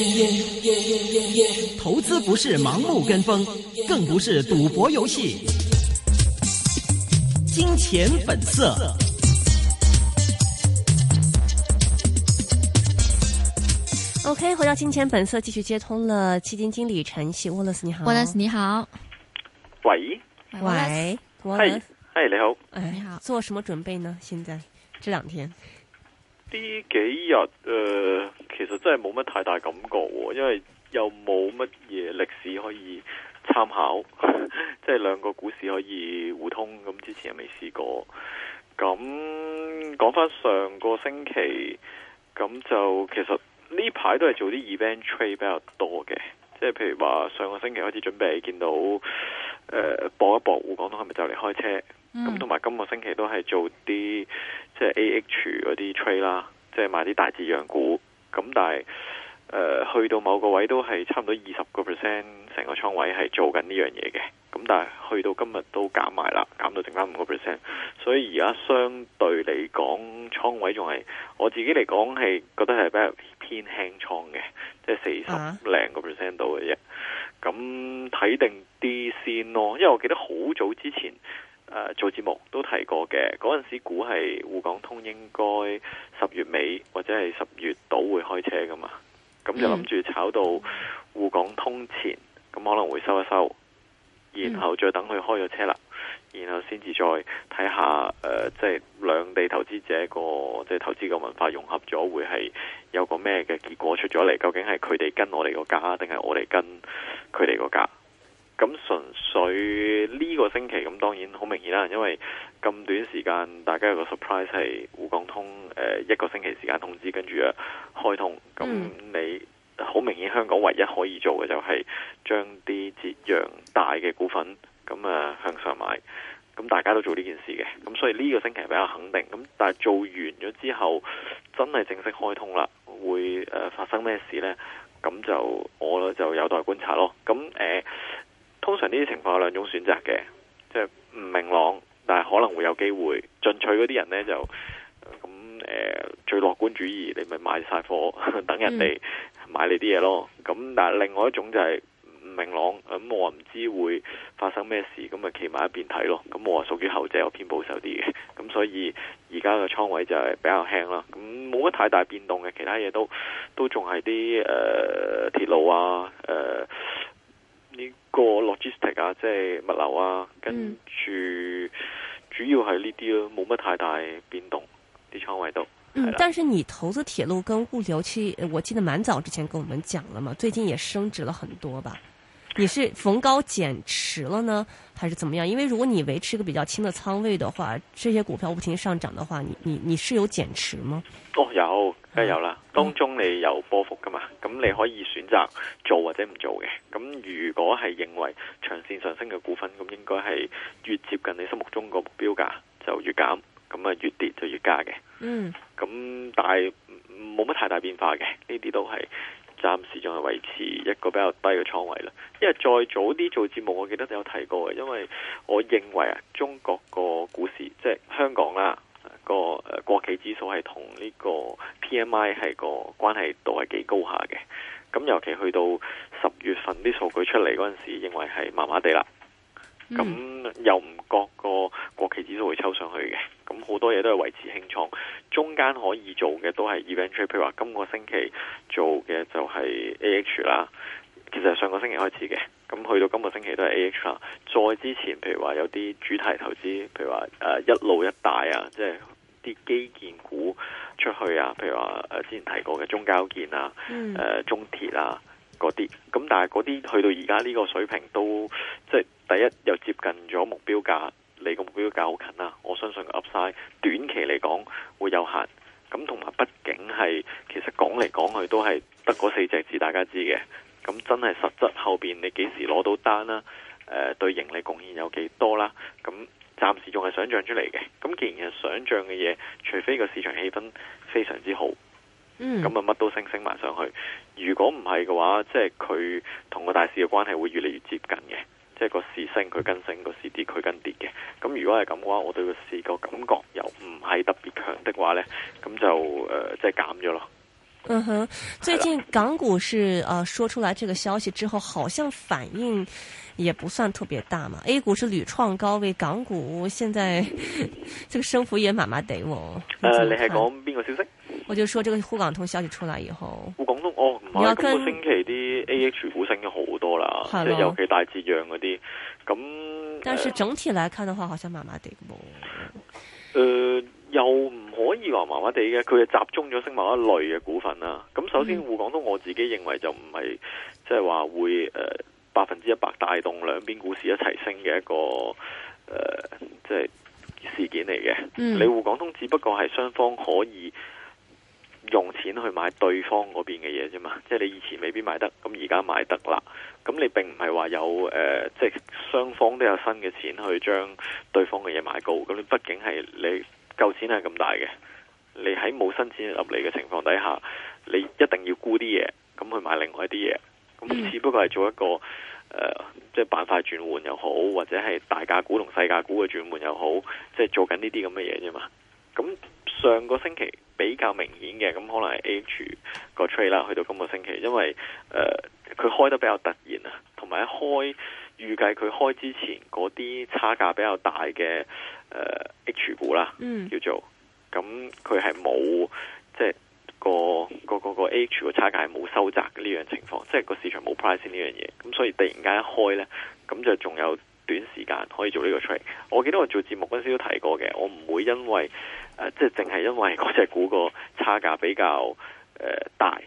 Yeah, yeah, yeah, yeah, yeah, yeah, yeah, yeah. 投資不是盲目跟風，更不是賭博遊戲。金錢本色。OK，回到金錢本色，繼續接通了基金經理陳昕 Wallace，Wallis, 你好，Wallace，你好。喂，Wallace 你好，哎、hey. hey. hey.，你好。做什麼準備呢？Hey. 現在這兩天。呢幾日誒、呃，其實真係冇乜太大感覺，因為又冇乜嘢歷史可以參考，呵呵即係兩個股市可以互通，咁之前又未試過。咁講翻上個星期，咁就其實呢排都係做啲 event trade 比較多嘅，即係譬如話上個星期開始準備見到誒搏、呃、一搏，滬港通係咪就嚟開車？咁同埋今個星期都係做啲即係 AH 嗰啲 trade 啦，即係買啲大字樣股。咁但係誒、呃、去到某個位都係差唔多二十個 percent，成個倉位係做緊呢樣嘢嘅。咁但係去到今日都減埋啦，減到剩翻五個 percent。所以而家相對嚟講，倉位仲係我自己嚟講係覺得係比較偏輕倉嘅，即係四十零個 percent 度嘅啫。咁睇定啲先咯，因為我記得好早之前。做節目都提過嘅，嗰陣時估係滬港通應該十月尾或者係十月度會開車噶嘛，咁就諗住炒到滬港通前，咁可能會收一收，然後再等佢開咗車啦，然後先至再睇下，誒、呃，即係兩地投資者個即係投資嘅文化融合咗，會係有個咩嘅結果出咗嚟？究竟係佢哋跟我哋個價，定係我哋跟佢哋個價？咁純粹呢個星期咁，當然好明顯啦，因為咁短時間，大家有個 surprise 係滬港通誒、呃，一個星期時間通知，跟住啊開通。咁你好、嗯、明顯，香港唯一可以做嘅就係將啲折讓大嘅股份咁啊、嗯、向上買。咁、嗯、大家都做呢件事嘅，咁、嗯、所以呢個星期比較肯定。咁、嗯、但係做完咗之後，真係正式開通啦，會誒、呃、發生咩事呢？咁就我咧就有待觀察咯。咁、嗯、誒。呃通常呢啲情況有兩種選擇嘅，即係唔明朗，但係可能會有機會，進取嗰啲人呢就，就咁、呃、最樂觀主義，你咪買晒貨等人哋買你啲嘢咯。咁、嗯、但係另外一種就係唔明朗，咁我唔知會發生咩事，咁咪企埋一邊睇咯。咁我話屬於後者，我偏保守啲嘅。咁所以而家嘅倉位就係比較輕啦，咁冇乜太大變動嘅。其他嘢都都仲係啲鐵路啊，呃呢個 logistic 啊，即係物流啊，跟住主要係呢啲咯，冇乜太大，大變動啲倉位度。嗯，但是你投資鐵路跟物流，其實我記得蠻早之前跟我們講了嘛，最近也升值了很多吧？你是逢高減持了呢，還是怎麼樣？因為如果你維持一個比較輕的倉位的話，這些股票不停上漲的話，你你你是有減持嗎？哦，有。梗有啦，當中你有波幅噶嘛，咁你可以選擇做或者唔做嘅。咁如果係認為長線上升嘅股份，咁應該係越接近你心目中個目標價就越減，咁啊越跌就越加嘅。嗯。咁但係冇乜太大變化嘅，呢啲都係暫時仲係維持一個比較低嘅倉位啦。因為再早啲做節目，我記得有提過嘅，因為我認為啊，中國個股市即係、就是、香港啦。個誒國企指數係同呢個 P M I 係個關係度係幾高下嘅，咁尤其去到十月份啲數據出嚟嗰陣時，認為係麻麻地啦，咁又唔覺個國企指數會抽上去嘅，咁好多嘢都係維持輕倉，中間可以做嘅都係 event trade，譬如話今個星期做嘅就係 A H 啦，其實係上個星期開始嘅。咁去到今個星期都係 A X 啦，再之前譬如話有啲主題投資，譬如話誒一路一帶啊，即係啲基建股出去啊，譬如話誒之前提過嘅中交建、嗯、啊，誒中鐵啊嗰啲，咁但係嗰啲去到而家呢個水平都即係第一又接近咗目標價，離個目標價好近啦，我相信個 Upside 短期嚟講會有限。咁同埋，畢竟係其實講嚟講去都係得嗰四隻字，大家知嘅。咁真係實質後面你幾時攞到單啦、呃？對盈利貢獻有幾多啦？咁暫時仲係想像出嚟嘅。咁既然係想像嘅嘢，除非個市場氣氛非常之好，咁啊乜都升升埋上去。如果唔係嘅話，即係佢同個大市嘅關係會越嚟越接近嘅，即係個市升佢跟升，個市跌佢跟跌嘅。咁如果係咁嘅話，我對個市個感覺又唔係特別強的話呢，咁就、呃、即係減咗咯。嗯哼，最近港股是，是呃說出來這個消息之後，好像反應也不算特別大嘛。A 股是屢創高位，港股現在 這個升幅也麻麻地哦。呃，你係講邊個消息？我就說這個滬港通消息出來以後。滬港通哦，唔係今個星期啲 AH 股升咗好多啦，即係尤其大製藥嗰啲。咁，但是整體來看的話，呃、好像麻麻地哦。呃，有。可以話麻麻地嘅，佢係集中咗升某一類嘅股份啦。咁首先，滬港通我自己認為就唔係即係話會誒百分之一百帶動兩邊股市一齊升嘅一個誒即係事件嚟嘅，嗯。你滬港通只不過係雙方可以用錢去買對方嗰邊嘅嘢啫嘛。即係你以前未必買得，咁而家買得啦。咁你並唔係話有誒即係雙方都有新嘅錢去將對方嘅嘢買高。咁你畢竟係你。舊錢係咁大嘅，你喺冇新錢入嚟嘅情況底下，你一定要沽啲嘢，咁去買另外一啲嘢，咁只不過係做一個誒，即係板塊轉換又好，或者係大價股同細價股嘅轉換又好，即係做緊呢啲咁嘅嘢啫嘛。咁上個星期比較明顯嘅，咁可能係 A 個 trade 啦，去到今個星期，因為誒佢、呃、開得比較突然啊，同埋開預計佢開之前嗰啲差價比較大嘅。誒、uh，H 股啦，叫做咁佢係冇，即係個個個個 H 個差價係冇收窄嘅呢樣情況，即係個市場冇 price 呢樣嘢，咁所以突然間一開咧，咁就仲有短時間可以做呢個 trade。我記得我做節目嗰陣時都提過嘅，我唔會因為誒，即係淨係因為嗰隻股個差價比較誒、呃、大。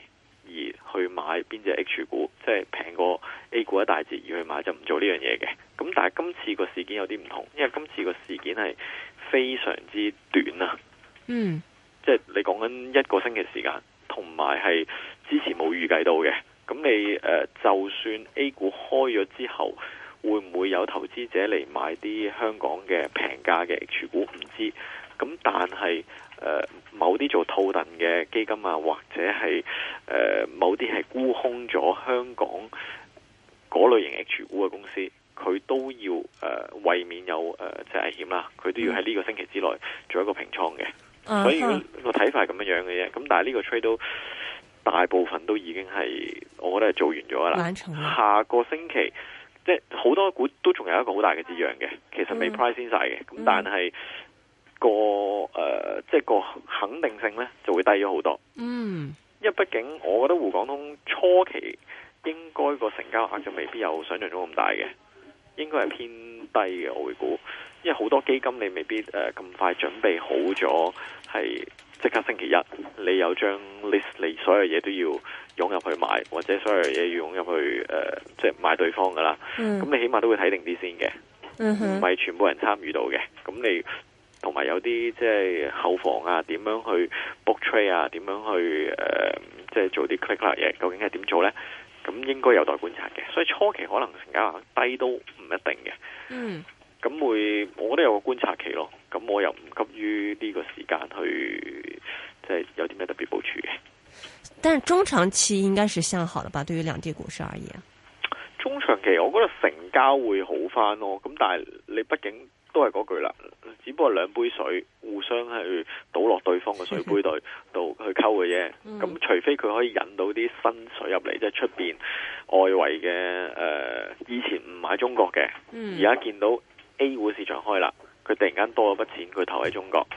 而去買邊隻 H 股，即係平過 A 股一大截而去買，就不做這件事，就唔做呢樣嘢嘅。咁但係今次個事件有啲唔同，因為今次個事件係非常之短啊。嗯，即係你講緊一個星期時間，同埋係之前冇預計到嘅。咁你誒，就算 A 股開咗之後，會唔會有投資者嚟買啲香港嘅平價嘅 H 股？唔知。咁但係。誒、呃，某啲做套戥嘅基金啊，或者係誒、呃，某啲係沽空咗香港嗰類型嘅持股嘅公司，佢都要誒，為、呃、免有誒即係危險啦，佢都要喺呢個星期之內做一個平倉嘅、嗯。所以、嗰個睇、嗰個、法係咁樣樣嘅啫。咁但係呢個 trade 都大部分都已經係，我覺得係做完咗啦。下個星期即係好多股都仲有一個好大嘅折讓嘅，其實未 price 先晒嘅。咁、嗯、但係。個誒、呃，即係個肯定性咧，就會低咗好多。嗯，因為畢竟我覺得滬港通初期應該個成交額就未必有想象中咁大嘅，應該係偏低嘅。我會估，因為好多基金你未必誒、咁、呃、快準備好咗，係即刻星期一你有張 list 你所有嘢，都要湧入去買，或者所有嘢要湧入去誒，即係買對方噶啦。嗯，咁你起碼都會睇定啲先嘅。嗯哼，唔係全部人參與到嘅，咁你。同埋有啲即係後防啊，點樣去 book trade 啊，點樣去誒、呃，即係做啲 click 啦嘢，究竟係點做咧？咁應該有待觀察嘅，所以初期可能成交低都唔一定嘅。嗯，咁會，我都有個觀察期咯。咁我又唔急於呢個時間去，即係有啲咩特別部署嘅。但係中長期應該是向好的吧？對於兩地股市而言，中長期我覺得成交會好翻咯。咁但係你畢竟。都係嗰句啦，只不過兩杯水互相去倒落對方嘅水杯度度去溝嘅啫。咁 除非佢可以引到啲新水入嚟，即係出邊外圍嘅誒，以前唔買中國嘅，而 家見到 A 股市場開啦，佢突然間多咗筆錢，佢投喺中國，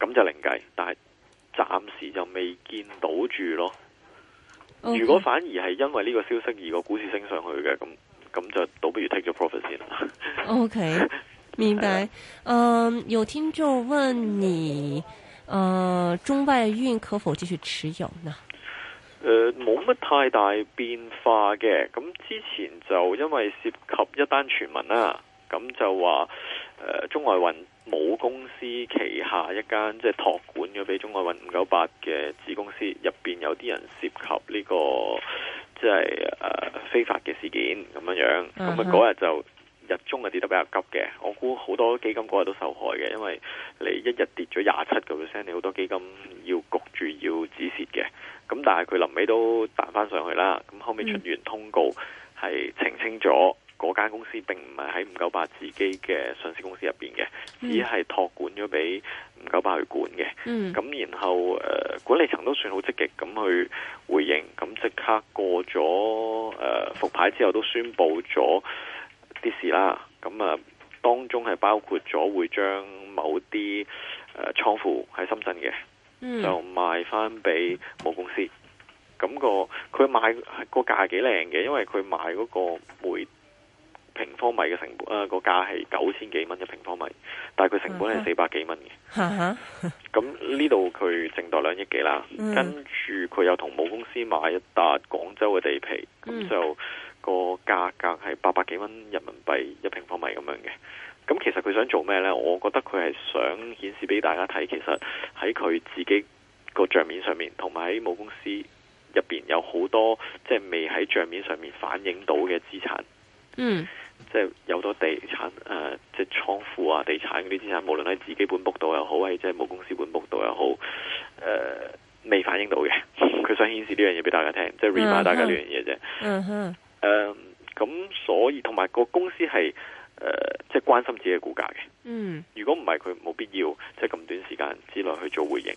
咁就另計。但係暫時就未見到住咯。Okay. 如果反而係因為呢個消息而個股市升上去嘅，咁咁就倒不如 take 咗 profit 先。Okay。明白，嗯、呃，有聽眾問你，呃、中外運可否繼續持有呢？誒、呃，冇乜太大變化嘅，咁之前就因為涉及一單傳聞啦，咁就話誒、呃，中外運母公司旗下一間即係托管咗俾中外運五九八嘅子公司入邊有啲人涉及呢、這個即係誒非法嘅事件咁樣樣，咁啊嗰日就。Uh -huh. 日中係跌得比較急嘅，我估好多基金嗰日都受害嘅，因為你一日跌咗廿七個 percent，你好多基金要焗住要止蝕嘅。咁但係佢臨尾都彈翻上去啦。咁後尾出完通告，係澄清咗，嗰間公司，嗯、並唔係喺五九八自己嘅上市公司入邊嘅，只係託管咗俾五九八去管嘅。咁、嗯、然後誒、呃、管理層都算好積極咁去回應，咁即刻過咗誒復牌之後都宣布咗啲事啦，咁啊，當中係包括咗會將某啲誒倉庫喺深圳嘅，就、嗯、賣翻俾母公司。咁、嗰個佢賣個價係幾靚嘅，因為佢賣嗰個每，平方米嘅成本啊，個、呃、價係九千幾蚊一平方米，但係佢成本係四百幾蚊嘅。咁呢度佢剩到兩億幾啦，跟住佢又同母公司買一笪廣州嘅地皮，咁就，嗯個價格係八百幾蚊人民幣一平方米咁樣嘅，咁其實佢想做咩呢？我覺得佢係想顯示俾大家睇，其實喺佢自己個賬面上面，同埋喺母公司入邊有好多即係未喺賬面上面反映到嘅資產，嗯，即係有多地產誒、呃，即係倉庫啊，地產嗰啲資產，無論喺自己本部度又好，喺即係母公司本部度又好，誒、呃，未反映到嘅，佢 想顯示呢樣嘢俾大家聽，即係 remind 大家呢樣嘢啫，嗯誒、嗯，咁所以同埋個公司係誒，即、呃、係、就是、關心自己嘅股價嘅。嗯，如果唔係佢冇必要，即係咁短時間之內去做回應。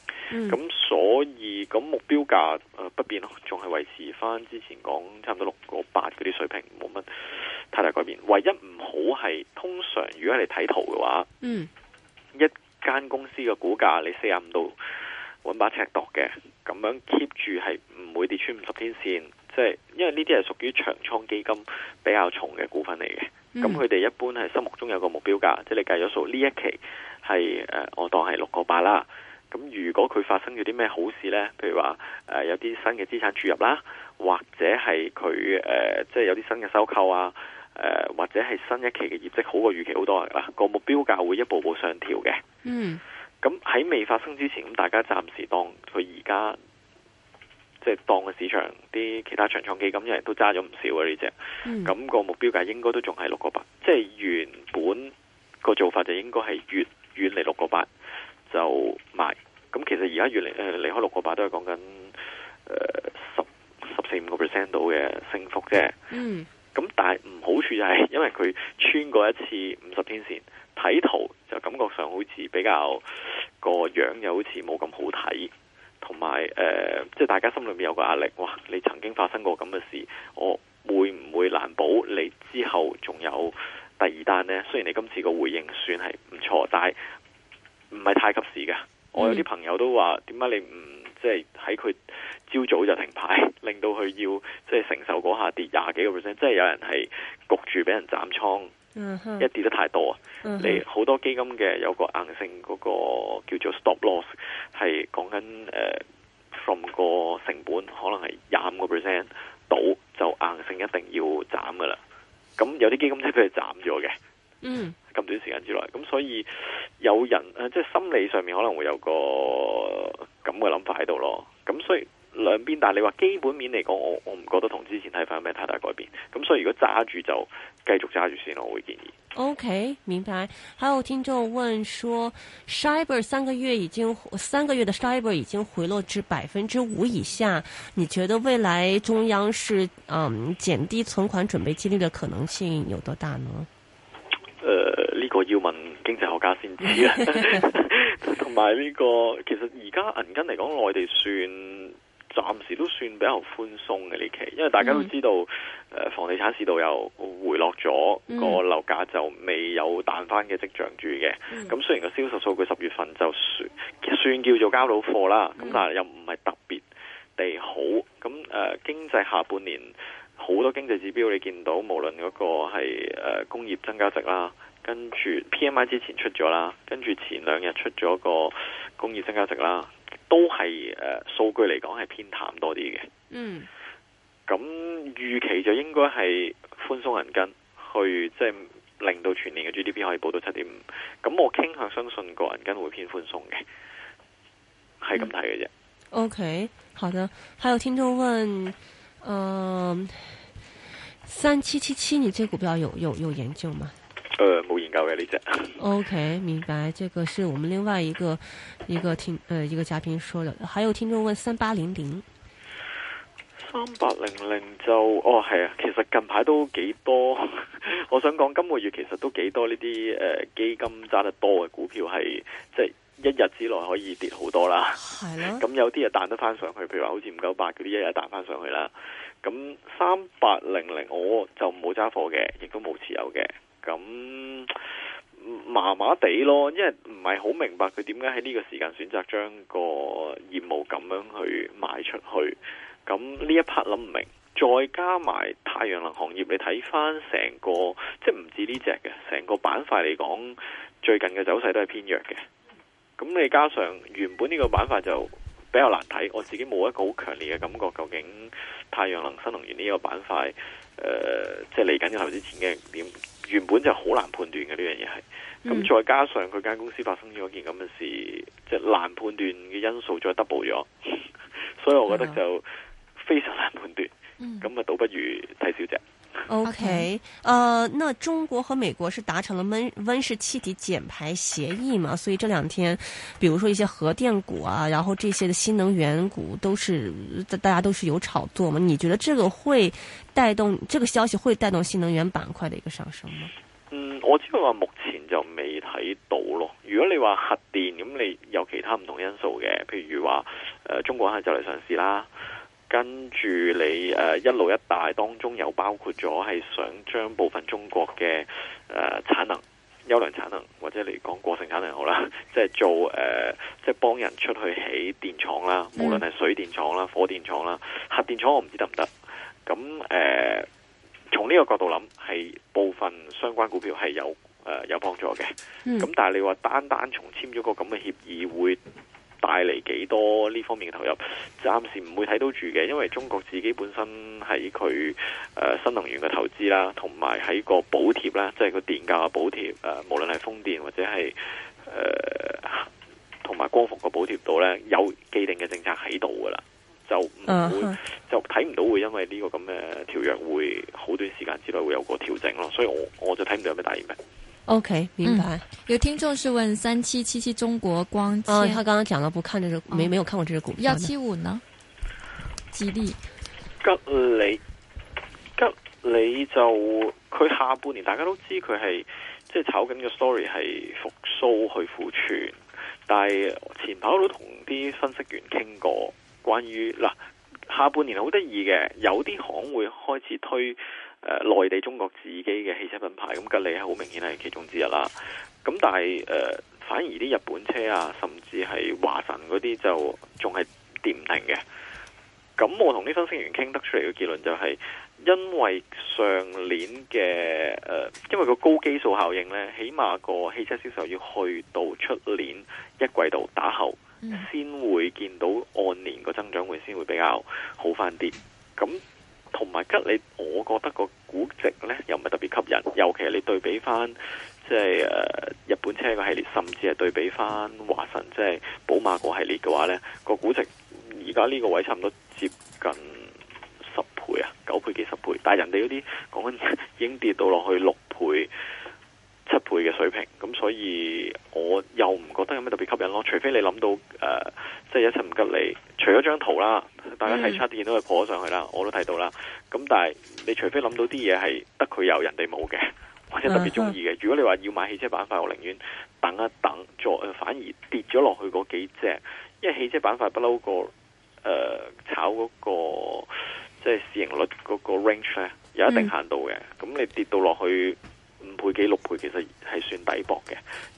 咁、嗯、所以咁目標價誒、呃、不變咯，仲係維持翻之前講差唔多六個八嗰啲水平，冇乜太大改變。唯一唔好係通常，如果你睇圖嘅話，嗯，一間公司嘅股價你四十五度。搵把尺度嘅，咁樣 keep 住係唔會跌穿五十天線，即係因為呢啲係屬於長倉基金比較重嘅股份嚟嘅，咁佢哋一般係心目中有個目標價，即係你計咗數呢一期係誒，我當係六個八啦。咁如果佢發生咗啲咩好事呢，譬如話誒有啲新嘅資產注入啦，或者係佢誒即係有啲新嘅收購啊，誒或者係新一期嘅業績好過預期好多啦，個目標價會一步步上調嘅。嗯。咁喺未發生之前，咁大家暫時當佢而家，即、就、係、是、當個市場啲其他長倉基金又係都揸咗唔少啊呢隻，咁、嗯個目標價應該都仲係六個八，即係原本個做法就應該係越遠離六個八就賣。咁其實、呃離呃、10，而家越離誒離開六個八都係講緊誒十十四五個 percent 度嘅升幅啫。嗯。咁但係唔好處就係、是，因為佢穿過一次五十天線。睇圖就感覺上好似比較個樣又好似冇咁好睇，同埋誒，即、呃、係、就是、大家心裏面有個壓力。哇，你曾經發生過咁嘅事，我會唔會難保你之後仲有第二單呢？雖然你今次個回應算係唔錯，但係唔係太及時㗎。我有啲朋友都話，點解你唔即係喺佢朝早就停牌，令到佢要即係、就是、承受嗰下跌廿幾個 percent？即係有人係焗住俾人斬倉，一跌得太多啊！ 你好多基金嘅有個硬性嗰個叫做 stop loss，係講緊誒 from 個成本可能係廿五個 percent 到，就硬性一定要斬噶啦。咁有啲基金即係畀佢斬咗嘅。嗯，咁短時間之內，咁所以有人誒即係、就是、心理上面可能會有個咁嘅諗法喺度咯。咁所以兩邊，但你話基本面嚟講，我我唔覺得同之前睇法有咩太大改變。咁所以如果揸住就繼續揸住先咯，我會建議。OK，明白。還有聽眾問說，Shibor 三個月已經三個月的 Shibor 已經回落至百分之五以下，你覺得未來中央是嗯減低存款準備金率的可能性有多大呢？呃，呢個要問經濟學家先知啊。同埋呢個，其實而家銀根嚟講，內地算。暫時都算比較寬鬆嘅呢期，因為大家都知道，誒、mm -hmm. 呃、房地產市道又回落咗，mm -hmm. 個樓價就未有彈翻嘅跡象住嘅。咁、mm -hmm. 雖然個銷售數據十月份就算算叫做交到貨啦，咁、mm -hmm. 但係又唔係特別地好。咁誒、呃、經濟下半年好多經濟指標，你，你見到無論嗰個係、呃、工業增加值啦，跟住 PMI 之前出咗啦，跟住前兩日出咗個工業增加值啦。都係誒，數據嚟講係偏淡多啲嘅。嗯，咁預期就應該係寬鬆銀根去，去即係令到全年嘅 GDP 可以報到七點五。咁我傾向相信個銀根會偏寬鬆嘅，係咁睇嘅啫。OK，好的，還有聽眾問，嗯、呃，三七七七，你隻股票有有有研究嗎？誒、呃，冇研究嘅呢隻。O、okay, K，明白，這個是我們另外一個一個聽誒、呃、一個嘉賓說的。還有聽眾問三八零零，三八零零就哦係啊，其實近排都幾多。呵呵，我想講今個月其實都幾多呢啲誒基金揸得多嘅股票係，即、就、係、是、一日之內可以跌好多啦。係咯。咁有啲嘢彈得翻上去，譬如話好似五九八嗰啲一日彈翻上去啦。咁三八零零我就冇揸貨嘅，亦都冇持有嘅。咁麻麻地咯，因為唔係好明白佢點解喺呢個時間選擇將個業務咁樣去賣出去。咁呢一 part 諗唔明，再加埋太陽能行業，你睇翻成個即係唔止呢隻嘅，成個板塊嚟講，最近嘅走勢都係偏弱嘅。咁你加上原本呢個板塊就比較難睇，我自己冇一個好強烈嘅感覺，究竟太陽能新能源呢個板塊，誒、呃，即係嚟緊嘅投資前景點？原本就好難判斷嘅呢樣嘢係，咁、嗯、再加上佢間公司發生咗件咁嘅事，即、就、係、是、難判斷嘅因素再 double 咗，嗯、 所以我覺得就非常難判斷，咁、嗯、啊倒不如睇小姐。OK，呃，那中國和美國是達成了溫溫室氣體減排協議嘛？所以這兩天，比如說一些核電股啊，然後這些的新能源股都是大家都是有炒作嘛？你覺得這個會帶動這個消息會帶動新能源板塊的一個上升嗎？嗯，我只係話目前就未睇到咯。如果你話核電，咁你有其他唔同因素嘅，譬如話，誒、呃，中國係就嚟上市啦。跟住你、uh, 一帶一路當中，有包括咗係想將部分中國嘅誒、uh, 產能、優良產能或者嚟講過剩產能好啦，即、就、係、是、做即係、uh, 幫人出去起電廠啦，mm. 無論係水電廠啦、火電廠啦、核電廠我唔知得唔得。咁誒，uh, 從呢個角度諗，係部分相關股票係有、uh, 有幫助嘅。咁、mm. 但係你話單單從簽咗個咁嘅協議會帶嚟幾多呢方面嘅投入，暫時唔會睇到住嘅，因為中國自己本身喺佢誒新能源嘅投資啦，同埋喺個補貼啦，即係個電價嘅補貼，誒、呃、無論係風電或者係誒同埋光伏嘅補貼度咧，有既定嘅政策喺度噶啦，就唔會、uh-huh. 就睇唔到會因為呢個咁嘅條約會好短時間之內會有個調整咯，所以我我就睇唔到有咩大影響。O.K. 明白。嗯、有聽眾是問三七七七中國光纖、哦。他剛剛講了不看呢、這個，沒有沒有看過呢隻股。幺、哦、七五呢？吉利。吉利，吉利就佢下半年大家都知佢係即係炒緊嘅 story 係復甦去庫存，但係前排都同啲分析員傾過關，關於嗱下半年好得意嘅，有啲行會開始推。誒，內地中國自己嘅汽車品牌，咁吉利係好明顯係其中之一啦。咁但係誒、呃，反而啲日本車啊，甚至係華晨嗰啲，就仲係跌唔停嘅。咁我同呢分析員傾得出嚟嘅結論就係、是，因為上年嘅誒、呃，因為個高基數效應呢，起碼個汽車銷售要去到出年一季度打後，mm -hmm. 先會見到按年個增長會先會比較好翻啲。咁同埋吉利，我覺得個估值呢又唔係特別吸引，尤其係你對比翻即係日本車個系列，甚至係對比翻華晨即係寶馬個系列嘅話呢，個估值而家呢個位差唔多接近十倍啊，九倍幾十倍，但係人哋嗰啲講緊已經跌到落去六倍、七倍嘅水平，咁所以我又唔覺得有咩特別吸引咯，除非你諗到，呃，即係一層吉利，除咗張圖啦。大家睇出一都見到佢破咗上去啦，我都睇到啦。咁但係，你除非諗到啲嘢係得佢有，有人哋冇嘅，或者特別中意嘅。如果你話要買汽車板塊，我寧願等一等，再反而跌咗落去嗰幾隻，因為汽車板塊不嬲、嗰個誒、呃、炒嗰、嗰個即係市盈率嗰個 range 咧，有一定限度嘅。咁、嗯、你跌到落去。五倍幾六倍其實係算抵搏嘅。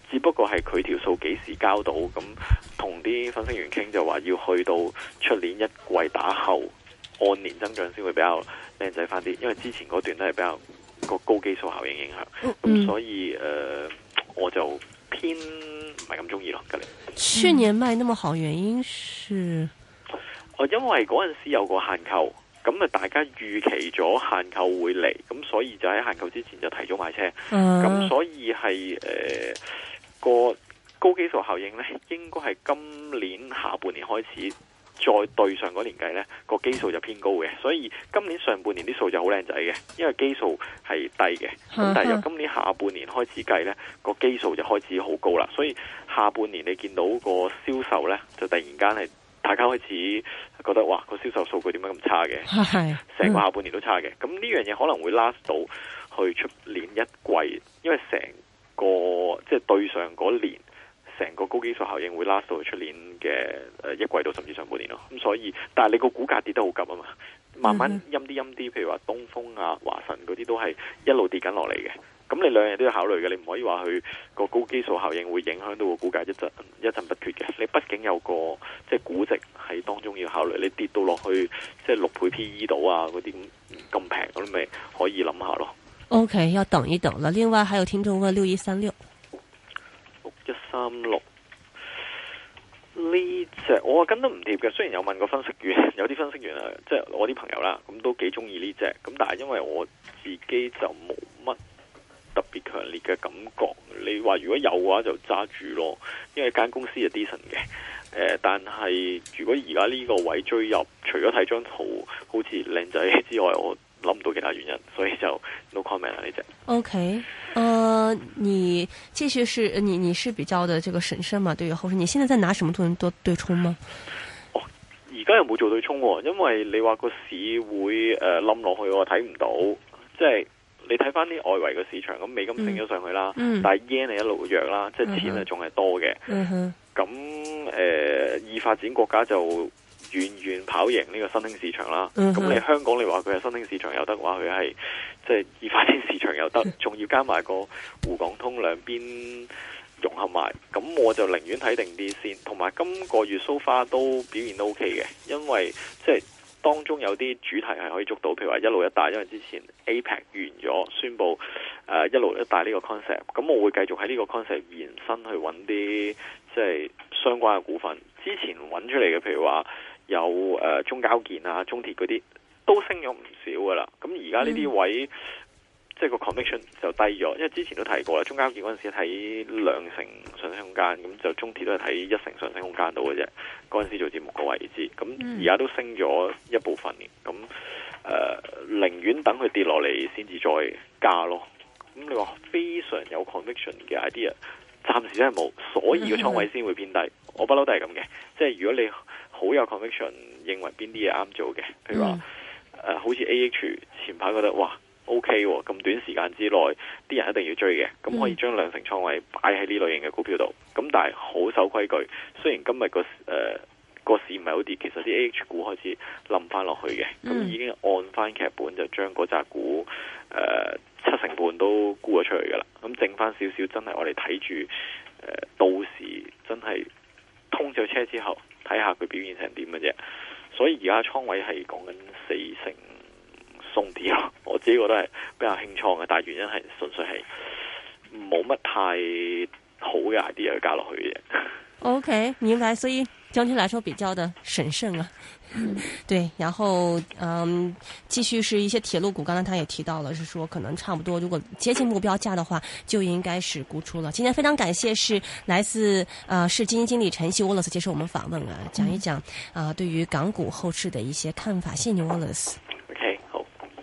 只不過係佢條數幾時交到，咁同啲分析員傾就話要去到出年一季打後，按年增長先會比較靚仔翻啲，因為之前嗰段都係比較個高基數效應影響，咁所以誒、嗯呃、我就偏唔係咁中意咯。今、嗯、去年賣那麼好，原因是，因為嗰陣時有個限購，咁啊大家預期咗限購會嚟。所以就喺限購之前就提早買車，咁、mm -hmm. 所以係誒個高基數效應咧，應該係今年下半年開始，再對上嗰年計咧，個基數就偏高嘅。所以今年上半年啲數就好靚仔嘅，因為基數係低嘅。咁、mm -hmm. 但係由今年下半年開始計咧，個基數就開始好高啦。所以下半年你見到個銷售咧，就突然間係。大家開始覺得哇，個銷售數據點解咁差嘅？成個下半年都差嘅。咁、嗯、呢樣嘢可能會 last 到去出年一季，因為成個即係、就是、對上嗰年，成個高基數效應會 last 到去出年嘅誒一季度甚至上半年咯。咁、嗯、所以，但係你個股價跌得好急啊嘛，慢慢陰啲陰啲，譬如話東風啊、華晨嗰啲都係一路跌緊落嚟嘅。咁你兩樣都要考慮嘅，你唔可以話佢個高基數效應會影響到個股價一陣一陣不決嘅。你畢竟有個即係估值喺當中要考慮，你跌到落去即係六倍 P E 度啊，嗰啲咁咁平嗰啲咪可以諗下咯。OK，要等一等啦。另外，還有聽眾嘅六一三六，六一三六呢隻我跟得唔掂嘅，雖然有問過分析員，有啲分析員啊，即係我啲朋友啦，咁都幾中意呢隻，咁但係因為我自己就冇乜。特別強烈嘅感覺，你話如果有嘅話就揸住咯，因為間公司係 decent 嘅。誒、呃，但係如果而家呢個位追入，除咗睇張圖好似靚仔之外，我諗唔到其他原因，所以就 no comment 啦呢隻。O K，誒，你繼續是你你是比較的這個謹慎嘛？對於後市，你現在在拿什麼做做對沖嗎？哦，而家又冇做對沖、哦，因為你話個市會誒冧落去，我睇唔到，即係。你睇翻啲外圍嘅市場，咁美金升咗上去啦、嗯，但係 yen 係一路弱啦，即、嗯、係、就是、錢係仲係多嘅。咁、嗯、誒，已、呃、發展國家就遠遠跑贏呢個新興市場啦。咁、嗯、你香港，你話佢係新興市場又得，話佢係即係已發展市場又得，仲、嗯、要加埋個滬港通兩邊融合埋。咁我就寧願睇定啲先，同埋今個月蘇、so、far 都表現都 OK 嘅，因為即係。就是當中有啲主題係可以捉到，譬如話一路一帶，因為之前 APEC 完咗，宣布、呃、一路一帶呢個 concept，咁我會繼續喺呢個 concept 延伸去揾啲即係相關嘅股份。之前揾出嚟嘅，譬如話有、呃、中交建啊、中鐵嗰啲，都升咗唔少㗎喇。咁而家呢啲位。嗯即係個 conviction 就低咗，因為之前都提過啦。中交建嗰陣時睇兩成上升空間，咁就中鐵都係睇一成上升空間度嘅啫。嗰陣時做節目個位置，咁而家都升咗一部分嘅。咁誒、呃，寧願等佢跌落嚟先至再加咯。咁你話非常有 conviction 嘅 idea，暫時真係冇。所以個倉位先會變低。Mm -hmm. 我不嬲都係咁嘅。即係如果你好有 conviction，認為邊啲嘢啱做嘅，譬如話誒、mm -hmm. 呃，好似 AH 前排覺得哇～O K，咁短時間之內，啲人一定要追嘅，咁可以將兩成倉位擺喺呢類型嘅股票度。咁但係好守規矩，雖然今日個誒個市唔係好跌，其實啲 A H 股開始冧翻落去嘅，咁已經按翻劇本就將嗰扎股誒、呃、七成半都沽咗出去噶啦。咁剩翻少少，真係我哋睇住誒，到時真係通咗車之後，睇下佢表現成點嘅啫。所以而家倉位係講緊四成。鬆啲咯，我自己覺得係比較輕倉嘅，但係原因係純粹係冇乜太好嘅 idea 加落去嘅。OK，明白，所以總體來說比較的謹慎啊。 對，然後嗯，繼續是一些鐵路股，剛剛他也提到了，是說可能差不多如果接近目標價的話，就應該是沽出了。今天非常感謝是來自啊，是、呃、基金經理陳昕 Wallace 接受我們訪問啊，講一講啊、呃，對於港股後市的一些看法，謝謝你 Wallace。